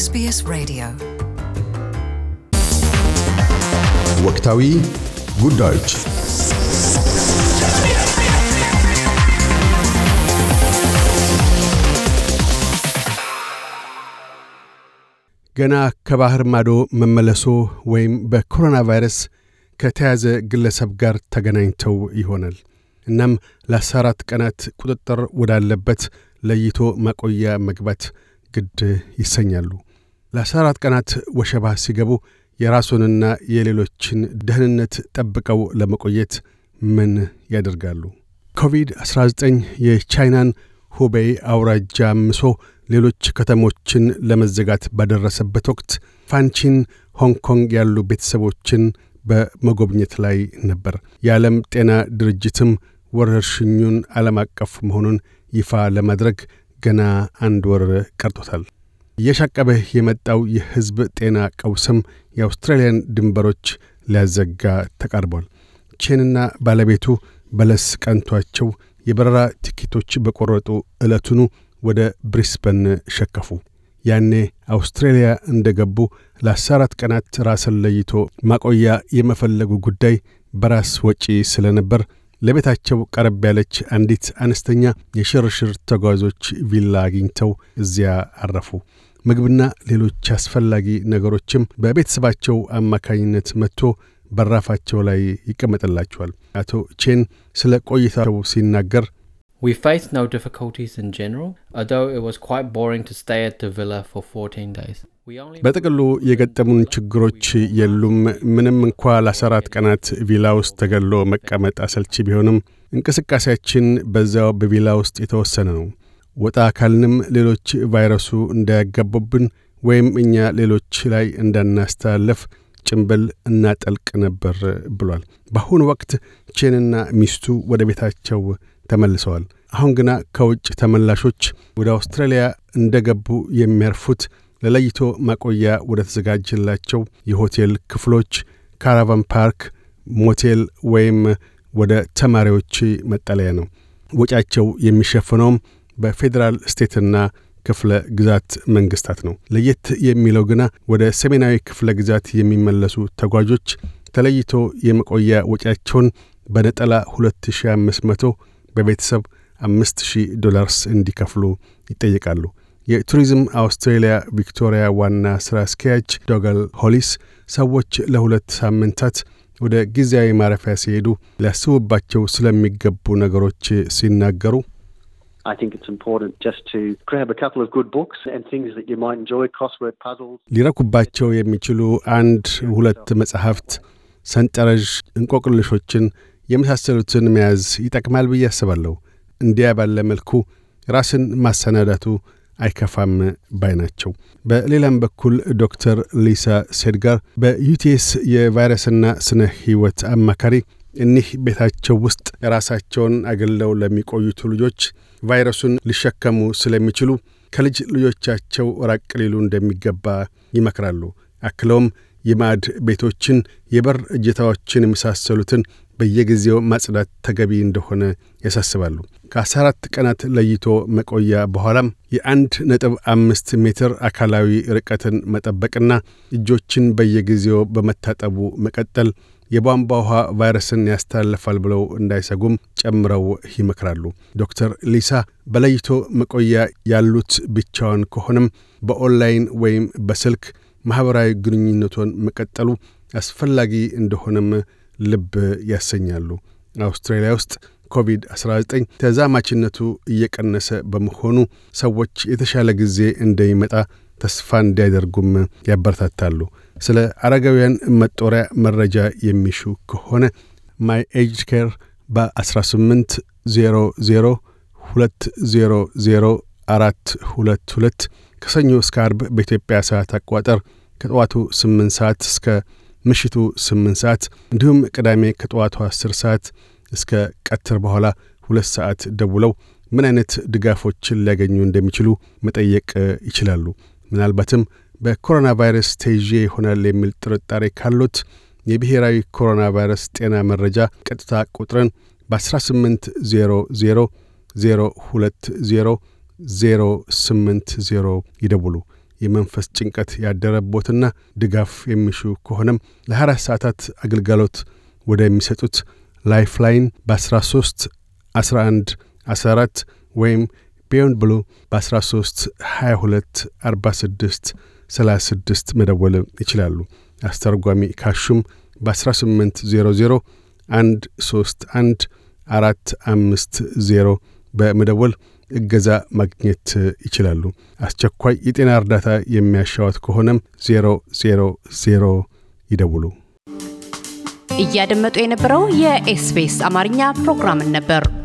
ኤስቢኤስ ሬዲዮ ወቅታዊ ጉዳዮች ገና ከባህር ማዶ መመለሶ ወይም በኮሮና ቫይረስ ከተያዘ ግለሰብ ጋር ተገናኝተው ይሆናል። እናም ለ14 ቀናት ቁጥጥር ወዳለበት ለይቶ ማቆያ መግባት ግድ ይሰኛሉ። ለአስራ አራት ቀናት ወሸባ ሲገቡ የራሱንና የሌሎችን ደህንነት ጠብቀው ለመቆየት ምን ያደርጋሉ? ኮቪድ-19 የቻይናን ሁቤይ አውራጃ ምሶ ሌሎች ከተሞችን ለመዘጋት ባደረሰበት ወቅት ፋንቺን ሆንግ ኮንግ ያሉ ቤተሰቦችን በመጎብኘት ላይ ነበር። የዓለም ጤና ድርጅትም ወረርሽኙን ዓለም አቀፍ መሆኑን ይፋ ለማድረግ ገና አንድ ወር ቀርቶታል። እየሻቀበ የመጣው የሕዝብ ጤና ቀውስም የአውስትራሊያን ድንበሮች ሊያዘጋ ተቃርቧል። ቼንና ባለቤቱ በለስ ቀንቷቸው የበረራ ቲኬቶች በቆረጡ ዕለቱኑ ወደ ብሪስበን ሸከፉ። ያኔ አውስትሬልያ እንደ ገቡ ለአስራ ቀናት ራስን ለይቶ ማቆያ የመፈለጉ ጉዳይ በራስ ወጪ ስለነበር ለቤታቸው ቀረብ ያለች አንዲት አነስተኛ የሽርሽር ተጓዦች ቪላ አግኝተው እዚያ አረፉ። ምግብና ሌሎች አስፈላጊ ነገሮችም በቤተሰባቸው አማካኝነት መጥቶ በራፋቸው ላይ ይቀመጥላቸዋል። አቶ ቼን ስለ ቆይታቸው ሲናገር We faced no difficulties in general, although it was quite boring to stay at the villa for 14 days. በጥቅሉ የገጠሙን ችግሮች የሉም። ምንም እንኳ ለአስራት ቀናት ቪላ ውስጥ ተገሎ መቀመጥ አሰልቺ ቢሆንም እንቅስቃሴያችን በዚያው በቪላ ውስጥ የተወሰነ ነው። ወጣ አካልንም ሌሎች ቫይረሱ እንዳያጋቡብን ወይም እኛ ሌሎች ላይ እንዳናስተላለፍ ጭንብል እናጠልቅ ነበር ብሏል። በአሁኑ ወቅት ቼንና ሚስቱ ወደ ቤታቸው ተመልሰዋል። አሁን ግና ከውጭ ተመላሾች ወደ አውስትራሊያ እንደገቡ የሚያርፉት ለለይቶ ማቆያ ወደ ተዘጋጀላቸው የሆቴል ክፍሎች፣ ካራቫን ፓርክ፣ ሞቴል ወይም ወደ ተማሪዎች መጠለያ ነው። ወጫቸው የሚሸፍነውም በፌዴራል ስቴትና ክፍለ ግዛት መንግስታት ነው። ለየት የሚለው ግና ወደ ሰሜናዊ ክፍለ ግዛት የሚመለሱ ተጓዦች ተለይቶ የመቆያ ወጪያቸውን በነጠላ 2500 በቤተሰብ 5000 ዶላርስ እንዲከፍሉ ይጠየቃሉ። የቱሪዝም አውስትሬሊያ ቪክቶሪያ ዋና ሥራ አስኪያጅ ዶጋል ሆሊስ ሰዎች ለሁለት ሳምንታት ወደ ጊዜያዊ ማረፊያ ሲሄዱ ሊያስቡባቸው ስለሚገቡ ነገሮች ሲናገሩ ሊረኩባቸው የሚችሉ አንድ ሁለት መጽሐፍት፣ ሰንጠረዥ፣ እንቆቅልሾችን የመሳሰሉትን መያዝ ይጠቅማል ብዬ አስባለሁ። እንዲያ ባለ መልኩ ራስን ማሰናዳቱ አይከፋም ባይ ናቸው። በሌላም በኩል ዶክተር ሊሳ ሴድጋር በዩቲኤስ የቫይረስና ስነ ህይወት አማካሪ እኒህ ቤታቸው ውስጥ ራሳቸውን አግለው ለሚቆዩቱ ልጆች ቫይረሱን ሊሸከሙ ስለሚችሉ ከልጅ ልጆቻቸው ራቅ ሊሉ እንደሚገባ ይመክራሉ። አክለውም የማዕድ ቤቶችን፣ የበር እጀታዎችን የመሳሰሉትን በየጊዜው ማጽዳት ተገቢ እንደሆነ ያሳስባሉ። ከአስራ አራት ቀናት ለይቶ መቆያ በኋላም የአንድ ነጥብ አምስት ሜትር አካላዊ ርቀትን መጠበቅና እጆችን በየጊዜው በመታጠቡ መቀጠል የቧንቧ ውሃ ቫይረስን ያስተላልፋል ብለው እንዳይሰጉም ጨምረው ይመክራሉ። ዶክተር ሊሳ በለይቶ መቆያ ያሉት ብቻዋን ከሆነም በኦንላይን ወይም በስልክ ማኅበራዊ ግንኙነቶን መቀጠሉ አስፈላጊ እንደሆነም ልብ ያሰኛሉ። አውስትራሊያ ውስጥ ኮቪድ-19 ተዛማችነቱ እየቀነሰ በመሆኑ ሰዎች የተሻለ ጊዜ እንደሚመጣ ተስፋ እንዲያደርጉም ያበረታታሉ። ስለ አረጋውያን መጦሪያ መረጃ የሚሹ ከሆነ ማይ ኤጅ ኬር በ1800 200 422 ከሰኞ እስከ አርብ በኢትዮጵያ ሰዓት አቆጣጠር ከጠዋቱ 8 ሰዓት እስከ ምሽቱ 8 ሰዓት እንዲሁም ቅዳሜ ከጠዋቱ 10 ሰዓት እስከ ቀትር በኋላ ሁለት ሰዓት ደውለው ምን አይነት ድጋፎችን ሊያገኙ እንደሚችሉ መጠየቅ ይችላሉ። ምናልባትም በኮሮና ቫይረስ ተይዤ ይሆናል የሚል ጥርጣሬ ካሉት የብሔራዊ ኮሮና ቫይረስ ጤና መረጃ ቀጥታ ቁጥርን በ1800 020 ይደውሉ። የመንፈስ ጭንቀት ያደረቦትና ድጋፍ የሚሹ ከሆነም ለ24 ሰዓታት አገልግሎት ወደሚሰጡት ላይፍላይን በ13 11 14 ወይም ቢዮንድ ብሉ በ13 22 46 36 መደወል ይችላሉ። አስተርጓሚ ካሹም በ1800 131 450 በመደወል እገዛ ማግኘት ይችላሉ። አስቸኳይ የጤና እርዳታ የሚያሻዋት ከሆነም 000 ይደውሉ። እያደመጡ የነበረው የኤስቢኤስ አማርኛ ፕሮግራምን ነበር።